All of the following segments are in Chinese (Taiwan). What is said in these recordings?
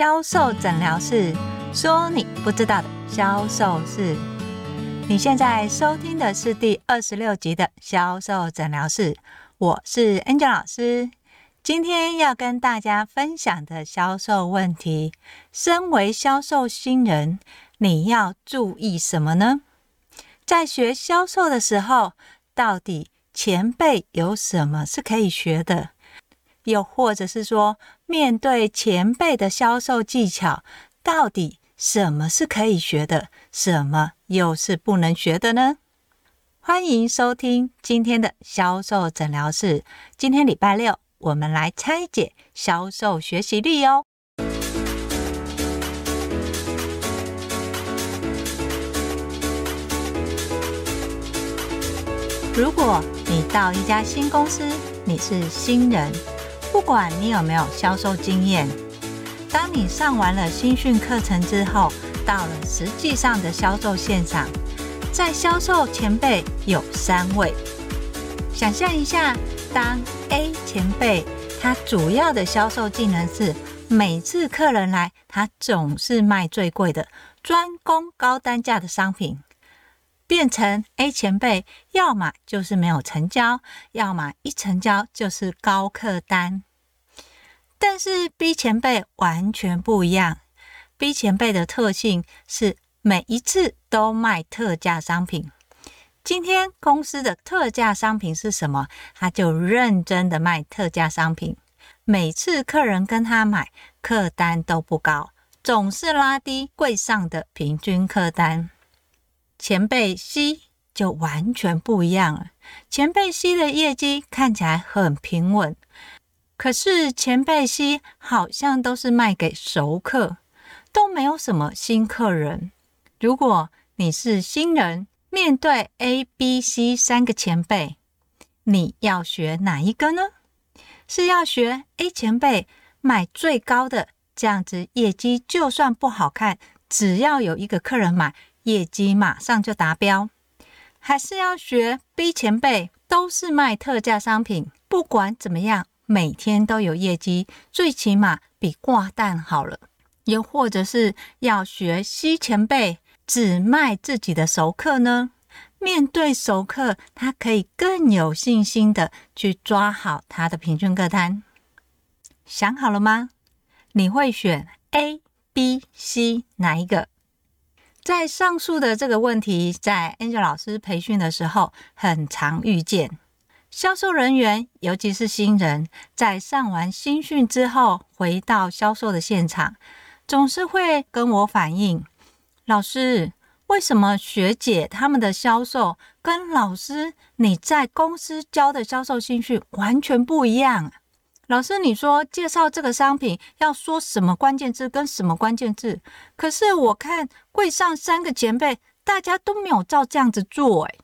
銷售診療室，說你不知道的銷售室。你現在收聽的是第二十六集的銷售診療室，我是 Angel 老師。今天要跟大家分享的銷售問題，身為銷售新人，你要注意什麼呢？在學銷售的時候，到底前輩有什麼是可以學的？又或者是說，面對前輩的銷售技巧，到底什麼是可以學的，什麼又是不能學的呢？歡迎收聽今天的銷售診療室。今天禮拜六，我們來拆解銷售學習力哦。如果你到一家新公司，你是新人。不管你有沒有銷售經驗，當你上完了新訓課程之後，到了實際上的銷售現場，在銷售前輩有三位。想象一下，當 A 前輩，他主要的銷售技能是，每次客人來，他總是賣最貴的，專攻高單價的商品。變成 A 前輩，要麼就是沒有成交，要麼一成交就是高客單。但是 B 前輩完全不一樣，B 前輩的特性是每一次都賣特價商品。今天公司的特價商品是什麼？他就認真的賣特價商品。每次客人跟他買，客單都不高，總是拉低櫃上的平均客單。前輩 C 就完全不一樣了。前輩 C 的業績看起來很平穩，可是前輩 C 好像都是賣給熟客，都沒有什麼新客人。如果你是新人，面對 A、B、C 三個前輩，你要學哪一個呢？是要學 A 前輩賣最高的，這樣子業績就算不好看，只要有一個客人買。業績馬上就達標，還是要學 B 前輩，都是賣特價商品，不管怎麼樣，每天都有業績，最起碼比掛蛋好了。又或者是要學 C 前輩，只賣自己的熟客呢？面對熟客，他可以更有信心的去抓好他的平均客單。想好了嗎？你會選 A、B、C 哪一個？在上述的這個問題，在 Angel 老師培訓的時候，很常遇見銷售人員，尤其是新人，在上完新訓之後，回到銷售的現場，總是會跟我反映：“老師，為什麼學姐她們的銷售跟老師你在公司教的銷售新訓完全不一樣？”老師，你說介紹這個商品要說什麼關鍵字跟什麼關鍵字？可是我看櫃上三個前輩，大家都沒有照這樣子做欸。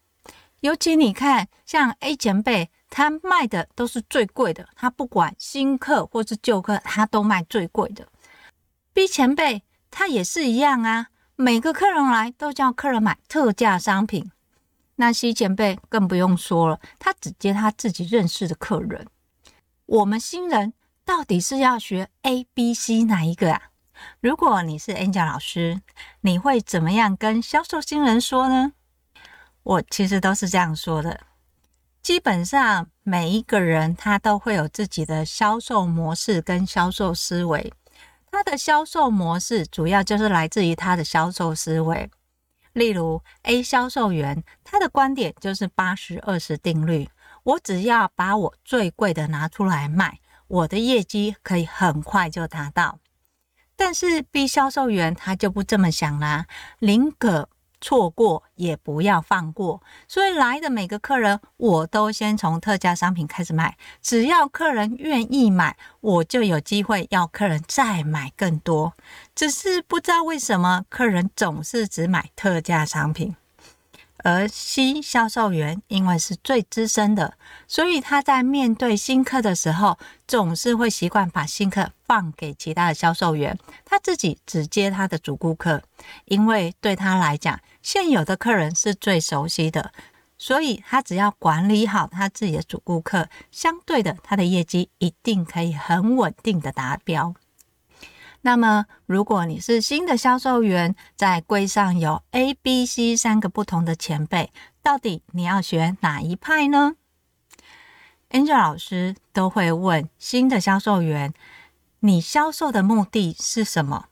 尤其你看，像 A 前輩，他賣的都是最貴的，他不管新客或是舊客，他都賣最貴的。B 前輩他也是一樣啊，每個客人來都叫客人買特價商品。那 C 前輩更不用說了，他只接他自己認識的客人。我們新人到底是要學 A、B、C 哪一個啊？如果你是 Angel 老師，你會怎麼樣跟銷售新人說呢？我其實都是這樣說的。基本上每一個人他都會有自己的銷售模式跟銷售思維，他的銷售模式主要就是來自於他的銷售思維。例如 A 銷售員，他的觀點就是八十二十定律。我只要把我最貴的拿出來賣，我的業績可以很快就達到。但是 B 銷售員他就不這麼想了，寧可錯過也不要放過，所以來的每個客人我都先從特價商品開始賣，只要客人願意買，我就有機會要客人再買更多。只是不知道為什麼客人總是只買特價商品。而 c 銷售員因為是最資深的，所以他在面對新客的時候，總是會習慣把新客放給其他的銷售員，他自己只接他的主顧客。因為對他來講，現有的客人是最熟悉的，所以他只要管理好他自己的主顧客，相對的，他的業績一定可以很穩定的達標。那麼，如果你是新的銷售員，在櫃上有 A、B、C 三個不同的前輩，到底你要選哪一派呢？Angel 老師都會問新的銷售員：你銷售的目的是什麼？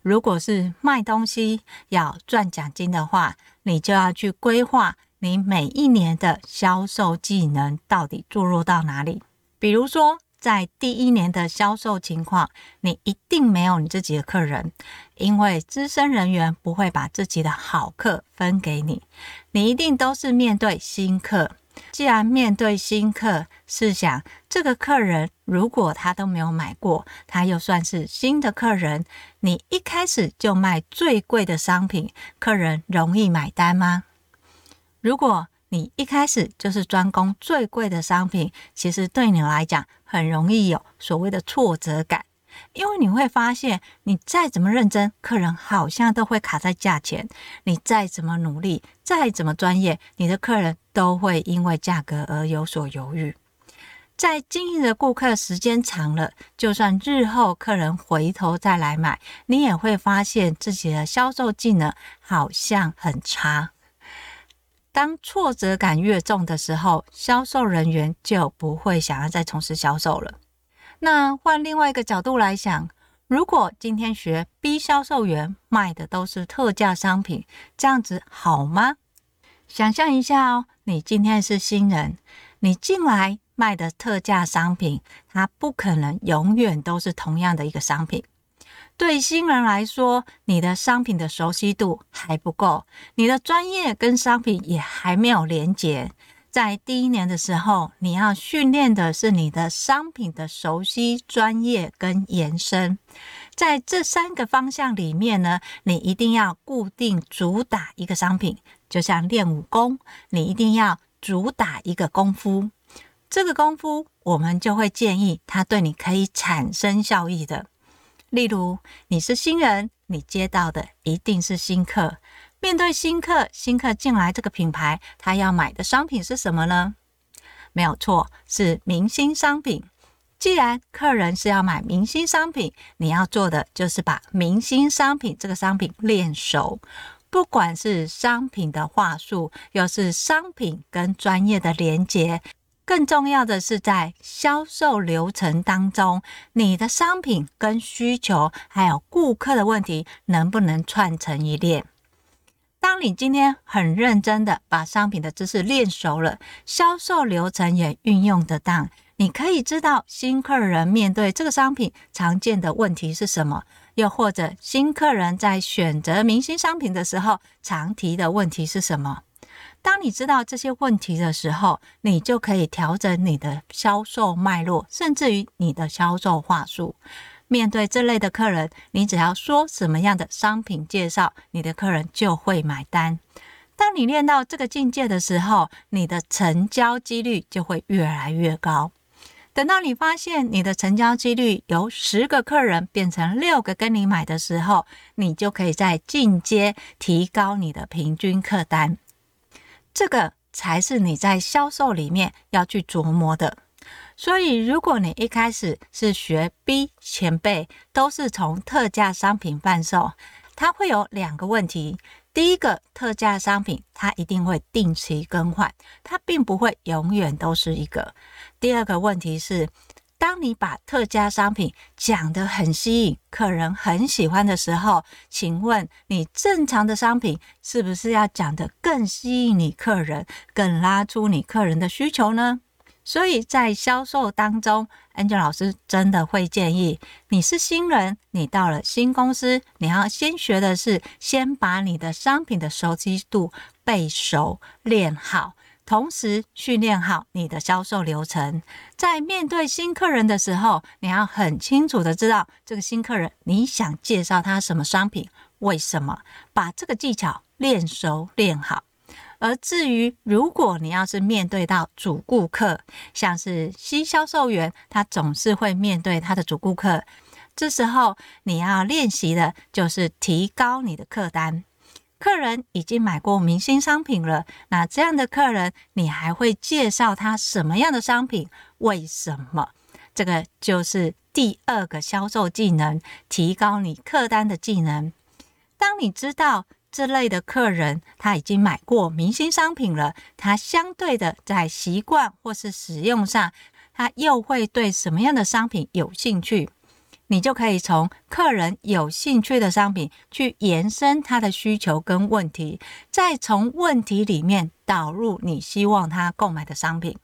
如果是賣東西要賺獎金的話，你就要去規劃你每一年的銷售技能到底注入到哪裡，比如說，在第一年的銷售情況，你一定沒有你自己的客人，因為資深人員不會把自己的好客分給你。你一定都是面對新客。既然面對新客，試想這個客人如果他都沒有買過，他又算是新的客人，你一開始就賣最貴的商品，客人容易買單嗎？如果你一開始就是專攻最貴的商品，其實對你來講很容易有所謂的挫折感，因為你會發現，你再怎麼認真，客人好像都會卡在價錢；你再怎麼努力，再怎麼專業，你的客人都會因為價格而有所猶豫。在經營的顧客的時間長了，就算日後客人回頭再來買，你也會發現自己的銷售技能好像很差。當挫折感越重的時候，銷售人員就不會想要再從事銷售了。那換另外一個角度來想，如果今天學 B 銷售員賣的都是特價商品，這樣子好嗎？想象一下哦，你今天是新人，你進來賣的特價商品，它不可能永遠都是同樣的一個商品。對新人來說，你的商品的熟悉度還不夠，你的專業跟商品也還沒有連接。在第一年的時候，你要訓練的是你的商品的熟悉、專業跟延伸。在這三個方向裡面呢，你一定要固定主打一個商品，就像練武功，你一定要主打一個功夫。這個功夫，我們就會建議它對你可以產生效益的。例如你是新人，你接到的一定是新客。面對新客，新客進來這個品牌，他要買的商品是什麼呢？沒有錯，是明星商品。既然客人是要買明星商品，你要做的就是把明星商品這個商品練熟，不管是商品的話術，又是商品跟專業的連接。更重要的是，在銷售流程當中，你的商品跟需求，還有顧客的問題，能不能串成一列？當你今天很認真地把商品的知識練熟了，銷售流程也運用得當，你可以知道新客人面對這個商品常見的問題是什麼，又或者新客人在選擇明星商品的時候常提的問題是什麼。當你知道這些問題的時候，你就可以調整你的銷售脈絡，甚至於你的銷售話術。面對這類的客人，你只要說什麼樣的商品介紹，你的客人就會買單。當你練到這個境界的時候，你的成交幾率就會越來越高。等到你發現你的成交幾率由十個客人變成六個跟你買的時候，你就可以再進階提高你的平均客單。這個才是你在銷售裡面要去琢磨的。所以，如果你一開始是學 B 前輩，都是從特價商品販售，它會有兩個問題：第一個，特價商品它一定會定期更換，它並不會永遠都是一個；第二個問題是，當你把特價商品講得很吸引客人，很喜歡的時候，請問你正常的商品是不是要講得更吸引你客人，更拉出你客人的需求呢？所以在銷售當中，Angel 老師真的會建議，你是新人，你到了新公司，你要先學的是先把你的商品的熟悉度背熟練好。同時訓練好你的銷售流程，在面對新客人的時候，你要很清楚的知道這個新客人，你想介紹他什麼商品，為什麼？把這個技巧練熟練好。而至於如果你要是面對到主顧客，像是新銷售員，他總是會面對他的主顧客，這時候你要練習的就是提高你的客單。客人已經買過明星商品了，那這樣的客人，你還會介紹他什麼樣的商品？為什麼？這個就是第二個銷售技能，提高你客單的技能。當你知道這類的客人他已經買過明星商品了，他相對的在習慣或是使用上，他又會對什麼樣的商品有興趣？你就可以從客人有興趣的商品去延伸他的需求跟問題，再從問題裡面導入你希望他購買的商品。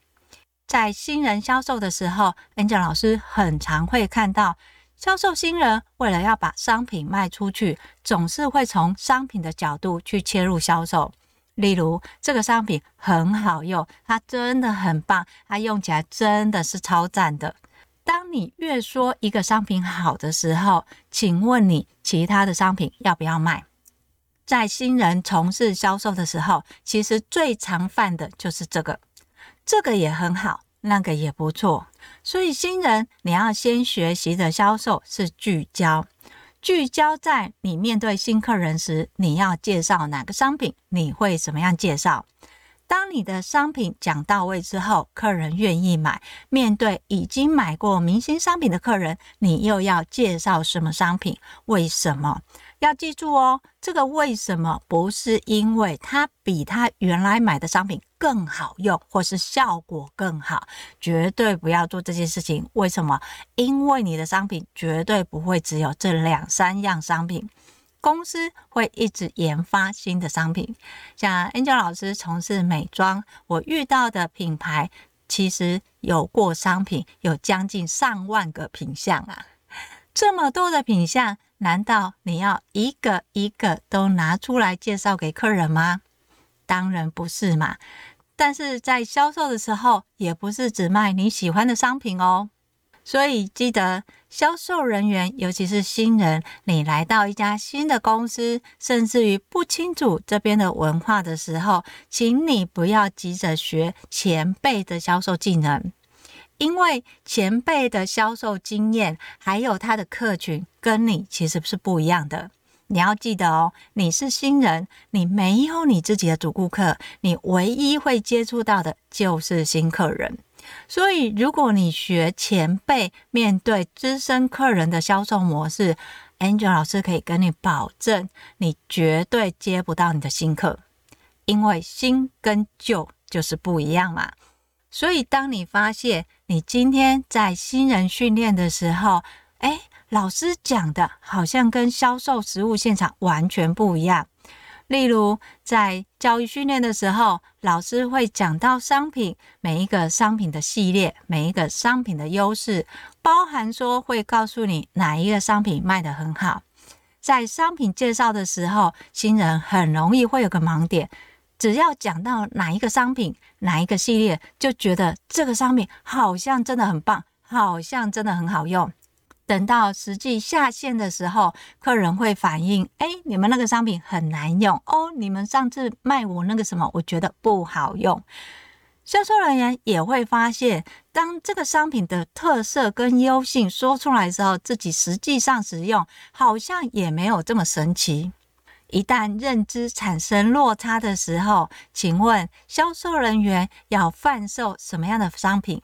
在新人銷售的時候，Angel 老師很常會看到，銷售新人為了要把商品賣出去，總是會從商品的角度去切入銷售。例如，這個商品很好用，它真的很棒，它用起來真的是超讚的。當你越說一個商品好的時候，請問你其他的商品要不要賣？在新人從事銷售的時候，其實最常犯的就是這個。這個也很好，那個也不錯。所以新人你要先學習的銷售是聚焦，聚焦在你面對新客人時，你要介紹哪個商品，你會怎麼樣介紹？當你的商品講到位之後，客人願意買。面對已經買過明星商品的客人，你又要介紹什麼商品？為什麼？要記住哦，這個為什麼不是因為它比他原來買的商品更好用，或是效果更好？絕對不要做這件事情。為什麼？因為你的商品絕對不會只有這兩三樣商品。公司會一直研發新的商品，像 Angel 老師從事美妝，我遇到的品牌其實有過商品有將近上萬個品項啊，這麼多的品項，難道你要一個一個都拿出來介紹給客人嗎？當然不是嘛，但是在銷售的時候也不是只賣你喜歡的商品哦。所以記得，銷售人員，尤其是新人，你來到一家新的公司，甚至於不清楚這邊的文化的時候，請你不要急着學前輩的銷售技能，因為前輩的銷售經驗還有他的客群跟你其實是不一樣的。你要記得哦，你是新人，你沒有你自己的主顧客，你唯一會接觸到的就是新客人。所以，如果你學前輩面對資深客人的銷售模式，Angel 老師可以跟你保證，你絕對接不到你的新客，因為新跟舊就是不一樣嘛。所以，當你發現你今天在新人訓練的時候，哎、欸，老師講的好像跟銷售實務現場完全不一樣。例如，在教育訓練的時候，老師會講到商品，每一個商品的系列，每一個商品的優勢，包含說會告訴你哪一個商品賣得很好。在商品介紹的時候，新人很容易會有個盲點，只要講到哪一個商品，哪一個系列，就覺得這個商品好像真的很棒，好像真的很好用。等到實際下線的時候，客人會反映：“哎、欸，你們那個商品很難用哦。”你們上次賣我那個什麼，我覺得不好用。銷售人員也會發現，當這個商品的特色跟優性說出來之後，自己實際上使用好像也沒有這麼神奇。一旦認知產生落差的時候，請問銷售人員要販售什麼樣的商品？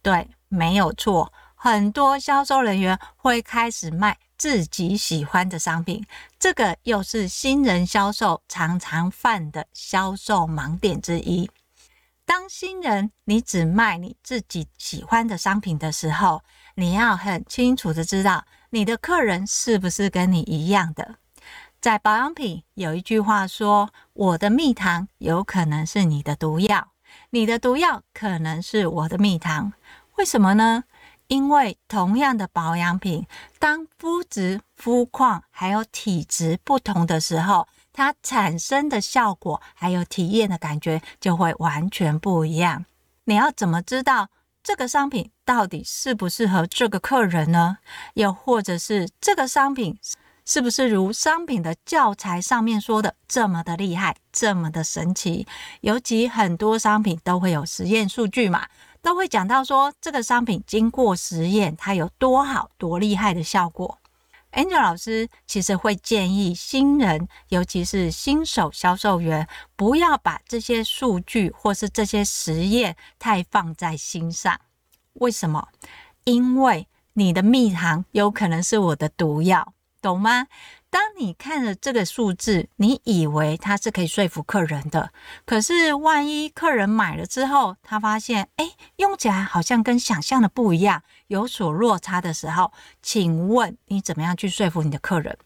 對，沒有錯。很多銷售人員會開始賣自己喜歡的商品，這個又是新人銷售常常犯的銷售盲點之一。當新人你只賣你自己喜歡的商品的時候，你要很清楚的知道你的客人是不是跟你一樣的。在保養品有一句話說：“我的蜜糖有可能是你的毒藥，你的毒藥可能是我的蜜糖。”為什麼呢？因為同樣的保養品，當膚質、膚況還有體質不同的時候，它產生的效果還有體驗的感覺就會完全不一樣。你要怎麼知道這個商品到底適不適合這個客人呢？又或者是這個商品是不是如商品的教材上面說的這麼的厲害、這麼的神奇？尤其很多商品都會有實驗數據嘛。都會講到說這個商品經過實驗，它有多好多厲害的效果。Angel 老師其實會建議新人，尤其是新手銷售員，不要把這些數據或是這些實驗太放在心上。為什麼？因為你的蜜糖有可能是我的毒藥，懂嗎？當你看了這個數字，你以為它是可以說服客人的，可是萬一客人買了之後，他發現，哎，用起來好像跟想象的不一樣，有所落差的時候，請問你怎麼樣去說服你的客人？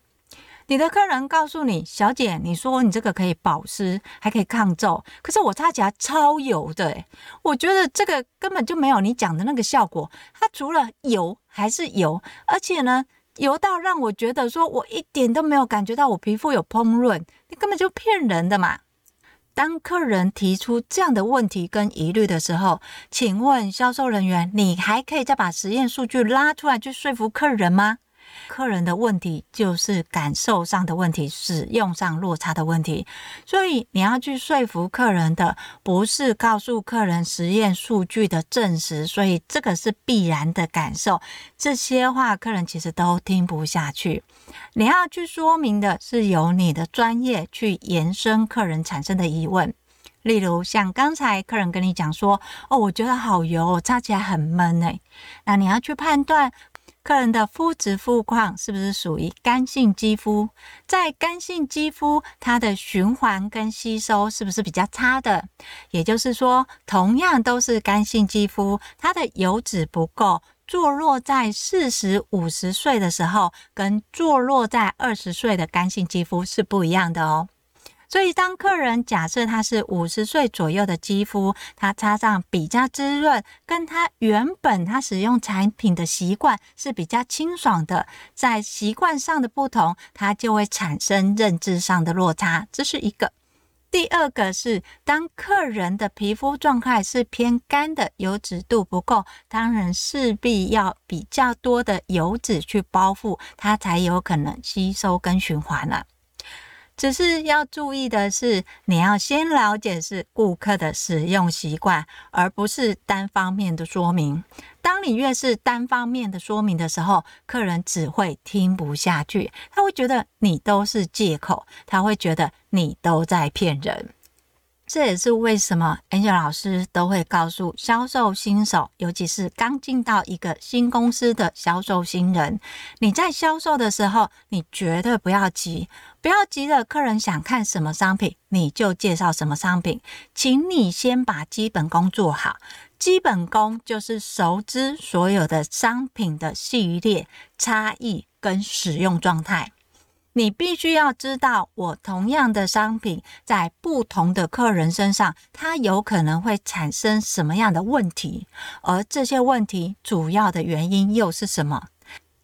你的客人告訴你，小姐，你說你這個可以保濕，還可以抗皺，可是我擦起來超油的誒，我覺得這個根本就沒有你講的那個效果，它除了油還是油，而且呢，油到讓我覺得，說我一點都沒有感覺到我皮膚有膨潤，你根本就騙人的嘛！當客人提出這樣的問題跟疑慮的時候，請問銷售人員，你還可以再把實驗數據拉出來去說服客人嗎？客人的問題就是感受上的問題，使用上落差的問題，所以你要去說服客人的不是告訴客人實驗數據的證實，所以這個是必然的感受，這些話客人其實都聽不下去。你要去說明的是由你的專業去延伸客人產生的疑問，例如像剛才客人跟你講說，哦，我覺得好油，我擦起來很悶欸，那你要去判斷。個人的膚質膚況是不是屬於乾性肌膚？在乾性肌膚，它的循環跟吸收是不是比較差的？也就是說，同樣都是乾性肌膚，它的油脂不夠。坐落在四十、五十歲的時候，跟坐落在二十歲的乾性肌膚是不一樣的哦。所以，當客人假設他是五十歲左右的肌膚，他擦上比較滋潤，跟他原本他使用產品的習慣是比較清爽的，在習慣上的不同，他就會產生認知上的落差。這是一個。第二個是，當客人的皮膚狀態是偏乾的，油脂度不夠，當然勢必要比較多的油脂去包覆，它才有可能吸收跟循環了。只是要注意的是，你要先了解是顧客的使用習慣，而不是單方面的說明。當你越是單方面的說明的時候，客人只會聽不下去，他會覺得你都是借口，他會覺得你都在騙人。這也是為什麼 Angel 老師都會告訴銷售新手，尤其是剛進到一個新公司的銷售新人，你在銷售的時候，你絕對不要急。不要急着，客人想看什麼商品，你就介紹什麼商品。請你先把基本功做好，基本功就是熟知所有的商品的系列、差異跟使用狀態。你必須要知道，我同樣的商品在不同的客人身上，它有可能會產生什麼樣的問題，而這些問題主要的原因又是什麼？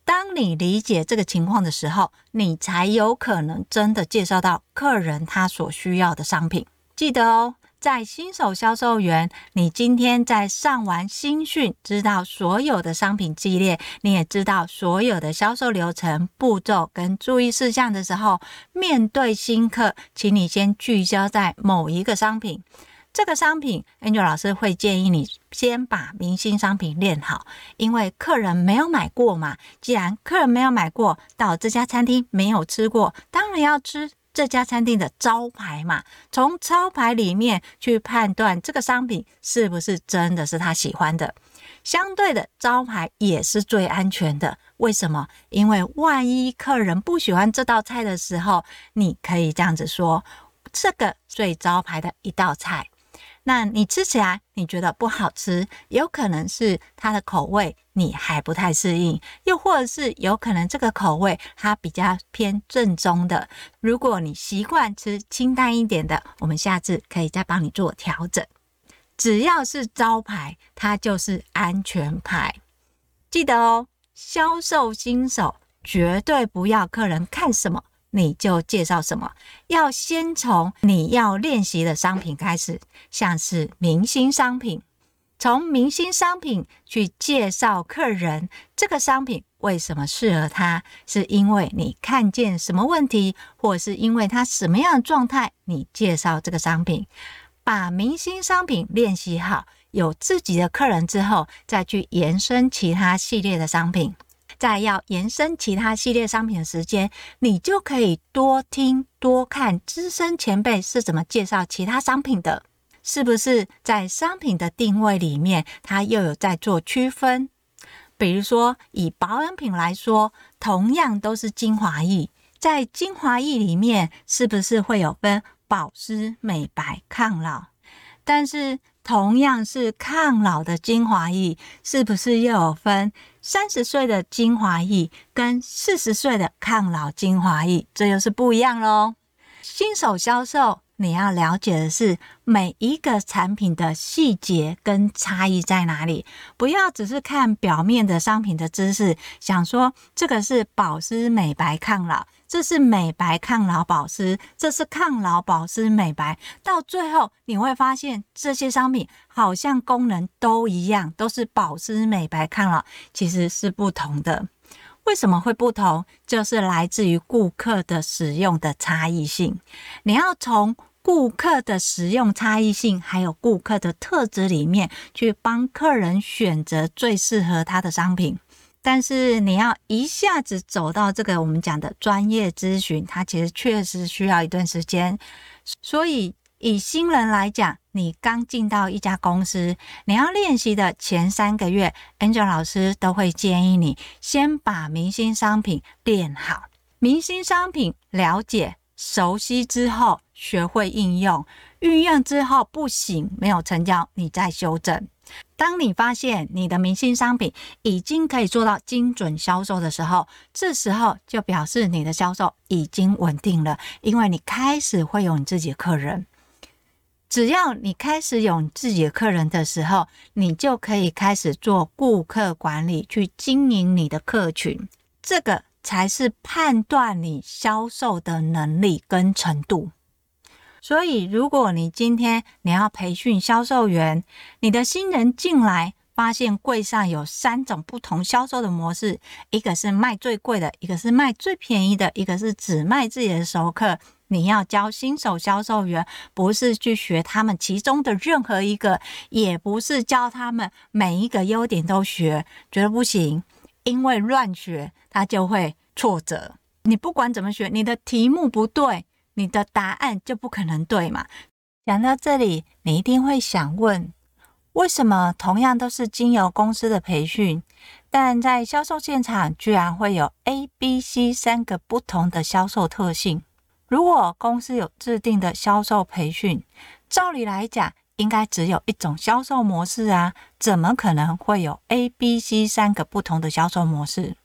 當你理解這個情況的時候，你才有可能真的介紹到客人他所需要的商品。記得哦，在新手銷售員，你今天在上完新訓，知道所有的商品系列，你也知道所有的銷售流程步驟跟注意事項的時候，面對新客，請你先聚焦在某一個商品。這個商品，Angela 老師會建議你先把明星商品練好，因為客人沒有買過嘛。既然客人沒有買過，到這家餐廳沒有吃過，當然要吃這家餐廳的招牌嘛。從招牌裡面去判斷這個商品是不是真的是他喜歡的，相對的招牌也是最安全的。為什麼？因為萬一客人不喜歡這道菜的時候，你可以這樣子說：這個最招牌的一道菜。那你吃起來，你覺得不好吃，有可能是它的口味你還不太適應，又或者是有可能這個口味它比較偏正宗的。如果你習慣吃清淡一點的，我們下次可以再幫你做調整。只要是招牌，它就是安全牌。記得哦，銷售新手絕對不要客人看什麼。你就介紹什麼？要先從你要練習的商品開始，像是明星商品，從明星商品去介紹客人，這個商品為什麼適合他？是因為你看見什麼問題，或是因為他什麼樣的狀態，你介紹這個商品。把明星商品練習好，有自己的客人之後，再去延伸其他系列的商品。在要延伸其他系列商品的時間，你就可以多聽多看資深前輩是怎麼介紹其他商品的，是不是在商品的定位裡面，它又有在做區分？比如說，以保養品來說，同樣都是精華液，在精華液裡面，是不是會有分保濕、美白、抗老？但是同樣是抗老的精華液，是不是又有分？三十歲的精華液跟四十歲的抗老精華液，這又是不一樣嘍。新手銷售，你要了解的是每一個產品的細節跟差異在哪裡，不要只是看表面的商品的知識，想說這個是保濕、美白、抗老。這是美白抗老保濕，這是抗老保濕美白。到最後你會發現，這些商品好像功能都一樣，都是保濕、美白、抗老，其實是不同的。為什麼會不同？就是來自於顧客的使用的差異性。你要從顧客的使用差異性，還有顧客的特質裡面，去幫客人選擇最適合他的商品。但是你要一下子走到這個我們講的專業諮詢，它其實確實需要一段時間。所以以新人來講，你剛進到一家公司，你要練習的前三個月，Angel 老師都會建議你先把明星商品練好。明星商品了解、熟悉之後，學會應用，運用之後不行、沒有成交，你再修正。當你發現你的明星商品已經可以做到精準銷售的時候，這時候就表示你的銷售已經穩定了，因為你開始會有你自己的客人。只要你開始有你自己的客人的時候，你就可以開始做顧客管理，去經營你的客群。這個才是判斷你銷售的能力跟程度。所以，如果你今天你要培訓銷售員，你的新人進來，發現櫃上有三種不同銷售的模式，一個是賣最貴的，一個是賣最便宜的，一個是只賣自己的熟客。你要教新手銷售員，不是去學他們其中的任何一個，也不是教他們每一個優點都學，覺得不行，因為亂學他就會挫折。你不管怎麼學，你的題目不對。你的答案就不可能對嘛。講到這裡，你一定會想問：為什麼同樣都是經由公司的培訓，但在銷售現場居然會有 A、B、C 三個不同的銷售特性？如果公司有制定的銷售培訓，照理來講，應該只有一種銷售模式啊，怎麼可能會有 A、B、C 三個不同的銷售模式？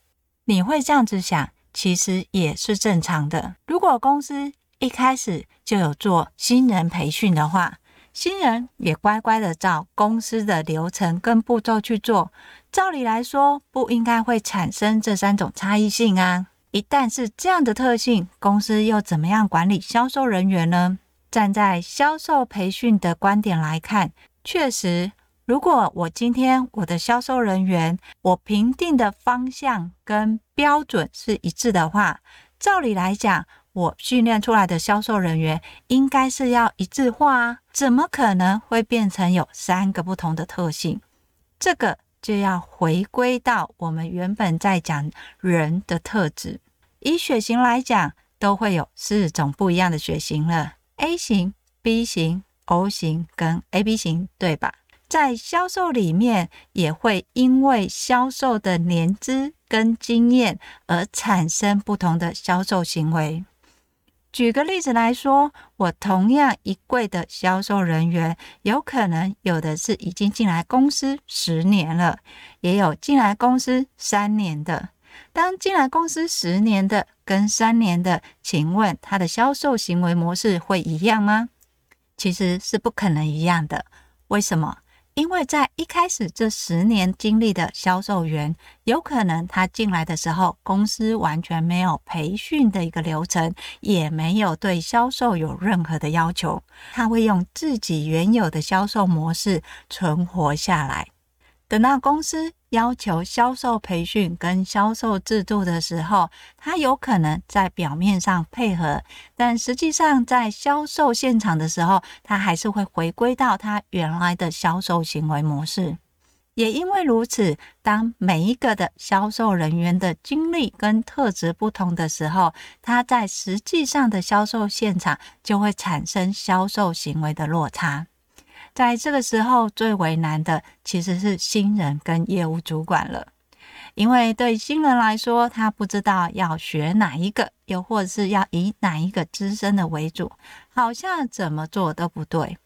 你會這樣子想，其實也是正常的。如果公司，一開始就有做新人培訓的話，新人也乖乖的照公司的流程跟步驟去做。照理來說，不應該會產生這三種差異性啊！一旦是這樣的特性，公司又怎麼樣管理銷售人員呢？站在銷售培訓的觀點來看，確實，如果我今天我的銷售人員，我評定的方向跟標準是一致的話，照理來講，我訓練出來的銷售人員應該是要一致化啊，怎麼可能會變成有三個不同的特性？這個就要回歸到我們原本在講人的特質。以血型來講，都會有四種不一樣的血型了：A 型、B 型、O 型跟 AB 型，對吧？在銷售裡面，也會因為銷售的年資跟經驗而產生不同的銷售行為。舉個例子來說，我同樣一櫃的銷售人員，有可能有的是已經進來公司十年了，也有進來公司三年的。當進來公司十年的跟三年的，請問他的銷售行為模式會一樣嗎？其實是不可能一樣的。為什麼？因為在一開始這十年經歷的銷售員，有可能他進來的時候，公司完全沒有培訓的一個流程，也沒有對銷售有任何的要求，他會用自己原有的銷售模式存活下來。等到公司要求銷售培訓跟銷售制度的時候，他有可能在表面上配合，但實際上在銷售現場的時候，他還是會回歸到他原來的銷售行為模式。也因為如此，當每一個的銷售人員的經歷跟特質不同的時候，他在實際上的銷售現場就會產生銷售行為的落差。在這個時候，最為難的其實是新人跟業務主管了，因為對新人來說，他不知道要學哪一個，又或者是要以哪一個資深的為主，好像怎麼做都不對。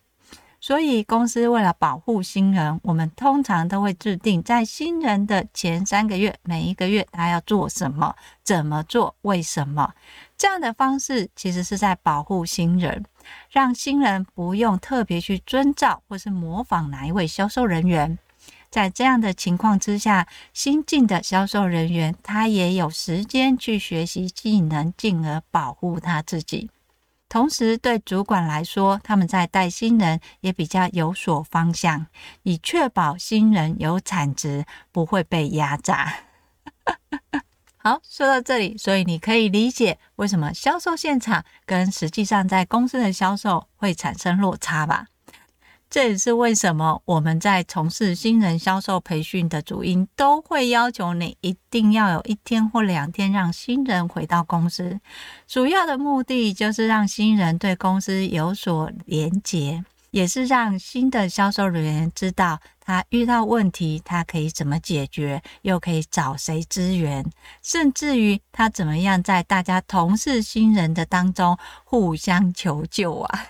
所以，公司為了保護新人，我們通常都會制定在新人的前三個月，每一個月他要做什麼、怎麼做、為什麼。這樣的方式，其實是在保護新人。讓新人不用特別去遵照或是模仿哪一位銷售人員，在這樣的情況之下，新進的銷售人員他也有時間去學習技能，進而保護他自己。同時，對主管來說，他們在帶新人也比較有所方向，以確保新人有產值，不會被壓榨。 好，說到這裡，所以你可以理解為什麼銷售現場跟實際上在公司的銷售會產生落差吧？這也是為什麼我們在從事新人銷售培訓的主因，都會要求你一定要有一天或兩天讓新人回到公司，主要的目的就是讓新人對公司有所連結。也是讓新的銷售人員知道，他遇到問題，他可以怎麼解決，又可以找誰支援，甚至於他怎麼樣在大家同事新人的當中互相求救啊。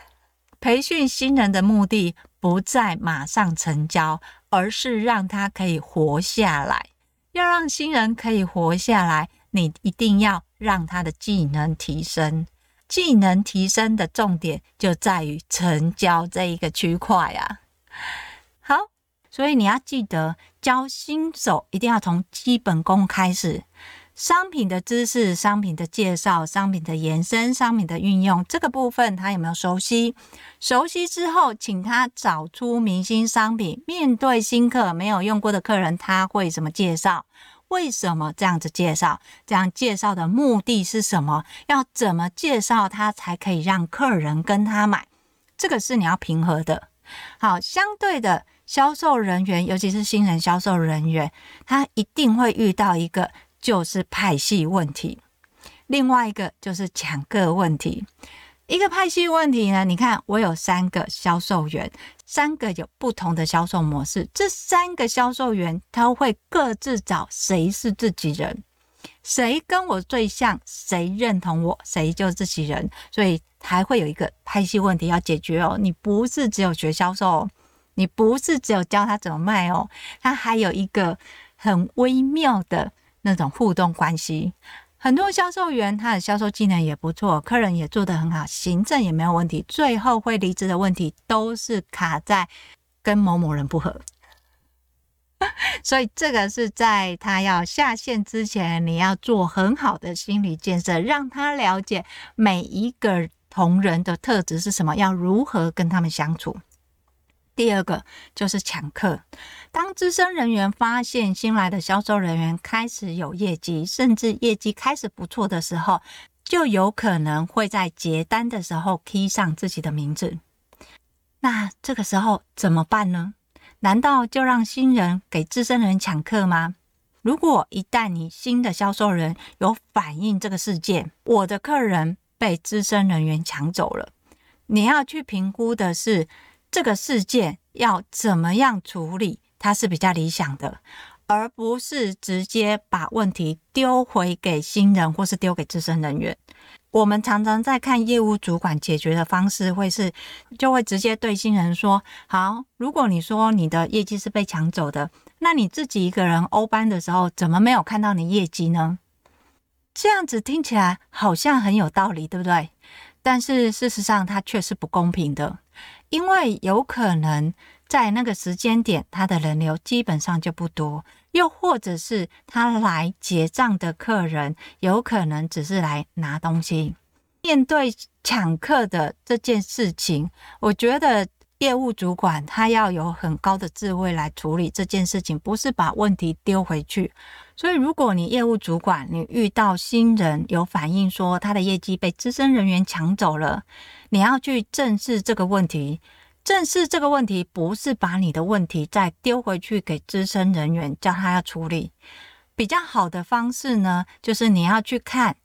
培訓新人的目的不在馬上成交，而是讓他可以活下來。要讓新人可以活下來，你一定要讓他的技能提升。技能提升的重點就在於成交這一個區塊啊。好，所以你要記得教新手一定要從基本功開始。商品的知識、商品的介紹、商品的延伸、商品的運用，這個部分他有沒有熟悉？熟悉之後，請他找出明星商品。面對新客，沒有用過的客人，他會怎麼介紹？為什麼這樣子介紹？這樣介紹的目的是什麼？要怎麼介紹他才可以讓客人跟他買？這個是你要平和的。好，相對的銷售人員，尤其是新人銷售人員，他一定會遇到一個就是派系問題，另外一個就是搶客問題。一個派系問題呢？你看，我有三個銷售員。三個有不同的銷售模式，這三個銷售員他會各自找誰是自己人，誰跟我最像，誰認同我，誰就是自己人，所以還會有一個派系問題要解決哦。你不是只有學銷售，你不是只有教他怎麼賣哦，他還有一個很微妙的那種互動關係。很多銷售員他的銷售技能也不錯，客人也做得很好，行政也沒有問題，最後會離職的問題都是卡在跟某某人不合， 所以這個是在他要下線之前，你要做很好的心理建設，讓他了解每一個同仁的特質是什麼，要如何跟他們相處。第二個就是搶客。當資深人員發現新來的銷售人員開始有業績，甚至業績開始不錯的時候，就有可能會在結單的時候 key 上自己的名字。那這個時候怎麼辦呢？難道就讓新人給資深人搶客嗎？如果一旦你新的銷售人有反應，這個事件，我的客人被資深人員搶走了，你要去評估的是。這個事件要怎麼樣處理，它是比較理想的，而不是直接把問題丟回給新人，或是丟給資深人員。我們常常在看業務主管解決的方式，會是就會直接對新人說：好，如果你說你的業績是被搶走的，那你自己一個人歐班的時候，怎麼沒有看到你業績呢？這樣子聽起來好像很有道理，對不對？但是事實上，它卻是不公平的。因為有可能在那個時間點，他的人流基本上就不多，又或者是他來結賬的客人，有可能只是來拿東西。面對搶客的這件事情，我覺得。業務主管他要有很高的智慧來處理這件事情，不是把問題丟回去。所以，如果你業務主管你遇到新人有反應說他的業績被資深人員搶走了，你要去正視這個問題，正視這個問題，不是把你的問題再丟回去給資深人員，叫他要處理。比較好的方式呢，就是你要去看。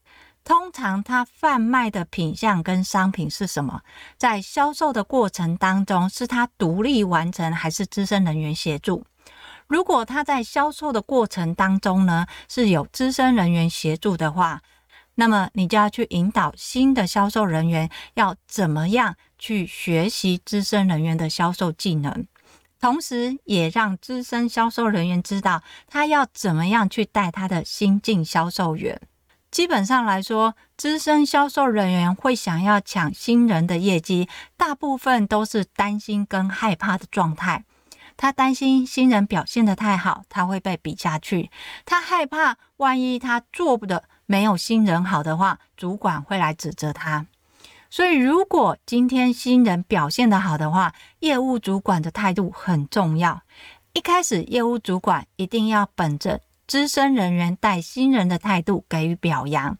通常他販賣的品項跟商品是什麼？在銷售的過程當中，是他獨立完成還是資深人員協助？如果他在銷售的過程當中呢，是有資深人員協助的話，那麼你就要去引導新的銷售人員要怎麼樣去學習資深人員的銷售技能，同時也讓資深銷售人員知道他要怎麼樣去帶他的新進銷售員。基本上來說，資深銷售人員會想要搶新人的業績，大部分都是擔心跟害怕的狀態。他擔心新人表現得太好，他會被比下去；他害怕萬一他做不得，沒有新人好的話，主管會來指責他。所以，如果今天新人表現得好的話，業務主管的態度很重要。一開始，業務主管一定要本着。資深人員帶新人的態度給予表揚，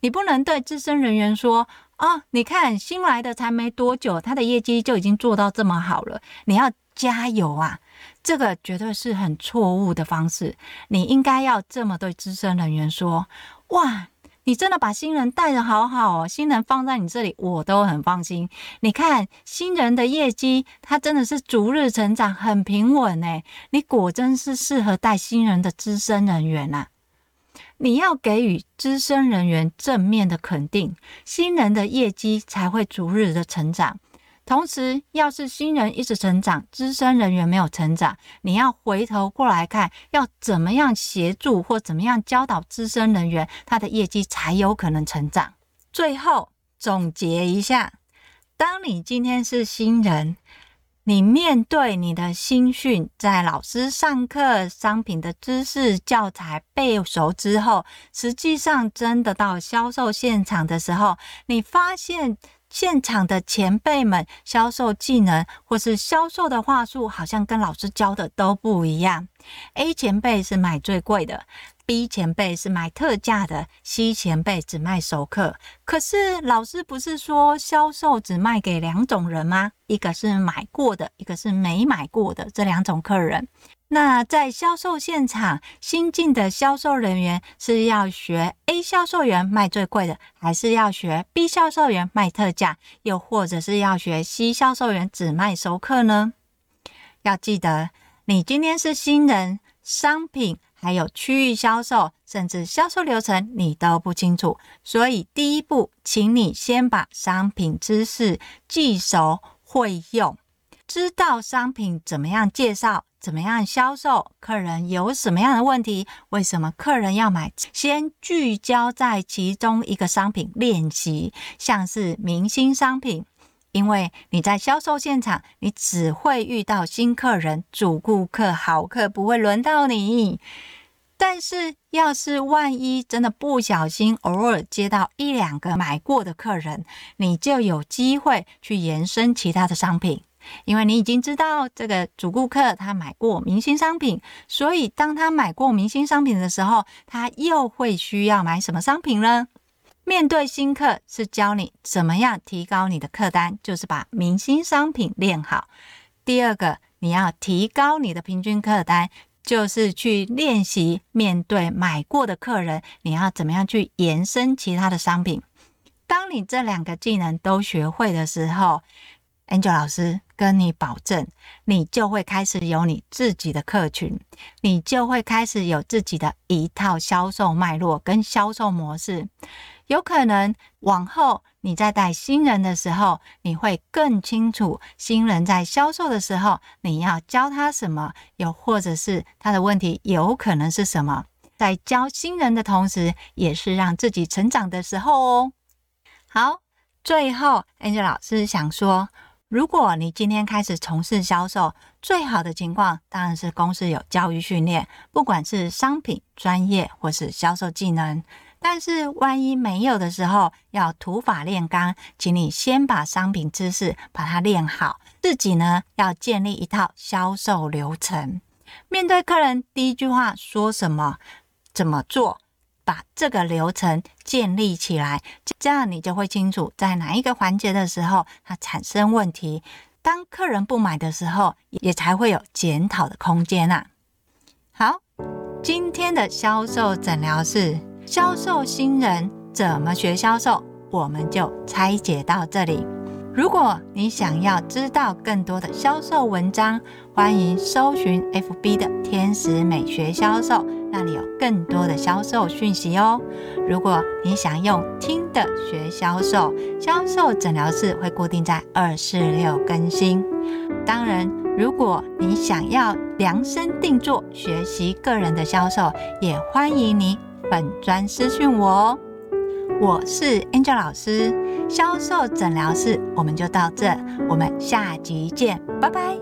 你不能對資深人員說：“哦，你看新來的才沒多久，他的業績就已經做到這麼好了，你要加油啊！”這個絕對是很錯誤的方式。你應該要這麼對資深人員說：“哇！”你真的把新人帶得好好哦，新人放在你這裡我都很放心。你看新人的業績，他真的是逐日成長，很平穩誒，你果真是適合帶新人的資深人員吶啊！你要給予資深人員正面的肯定，新人的業績才會逐日的成長。同時，要是新人一直成長，資深人員沒有成長，你要回頭過來看，要怎麼樣協助或怎麼樣教導資深人員，他的業績才有可能成長。最後總結一下，當你今天是新人，你面對你的新訓，在老師上課、商品的知識教材背熟之後，實際上真的到銷售現場的時候，你發現，現場的前輩們銷售技能或是銷售的話術，好像跟老師教的都不一樣。A 前輩是賣最貴的，B 前輩是賣特價的，C 前輩只賣熟客。可是老師不是說銷售只賣給兩種人嗎？一個是買過的，一個是沒買過的，這兩種客人。那在銷售現場，新進的銷售人員是要學 A 銷售員賣最貴的，還是要學 B 銷售員賣特價，又或者是要學 C 銷售員只賣熟客呢？要記得，你今天是新人，商品、還有區域銷售，甚至銷售流程你都不清楚，所以第一步，請你先把商品知識記熟會用。知道商品怎麼樣介紹，怎麼樣銷售，客人有什麼樣的問題，為什麼客人要買？先聚焦在其中一個商品練習，像是明星商品，因為你在銷售現場，你只會遇到新客人、主顧客、好客，不會輪到你。但是要是萬一真的不小心，偶爾接到一兩個買過的客人，你就有機會去延伸其他的商品。因為你已經知道這個主顧客他買過明星商品，所以當他買過明星商品的時候，他又會需要買什麼商品呢？面對新客是教你怎麼樣提高你的客單，就是把明星商品練好。第二個，你要提高你的平均客單，就是去練習面對買過的客人，你要怎麼樣去延伸其他的商品。當你這兩個技能都學會的時候，Angel 老師。跟你保證，你就會開始有你自己的客群，你就會開始有自己的一套銷售脈絡跟銷售模式。有可能往後你在帶新人的時候，你會更清楚新人在銷售的時候，你要教他什麼，又或者是他的問題有可能是什麼。在教新人的同時，也是讓自己成長的時候哦。好，最後 a n g e l 老師想說。如果你今天開始從事銷售，最好的情況當然是公司有教育訓練，不管是商品專業或是銷售技能。但是萬一沒有的時候，要土法煉鋼，請你先把商品知識把它練好，自己呢，要建立一套銷售流程。面對客人，第一句話說什麼，怎麼做？把這個流程建立起來，這樣你就會清楚在哪一個環節的時候它產生問題。當客人不買的時候，也才會有檢討的空間吶、啊。好，今天的銷售診療室銷售新人怎麼學銷售，我們就拆解到這裡。如果你想要知道更多的銷售文章，歡迎搜尋 FB 的天使美學銷售。那裡有更多的銷售訊息哦、喔！如果你想用聽的學銷售，銷售診療室會固定在二四六更新。當然，如果你想要量身定做學習個人的銷售，也歡迎你本專私訊我哦、喔。我是 Angel 老師，銷售診療室我們就到這，我們下集見，拜拜。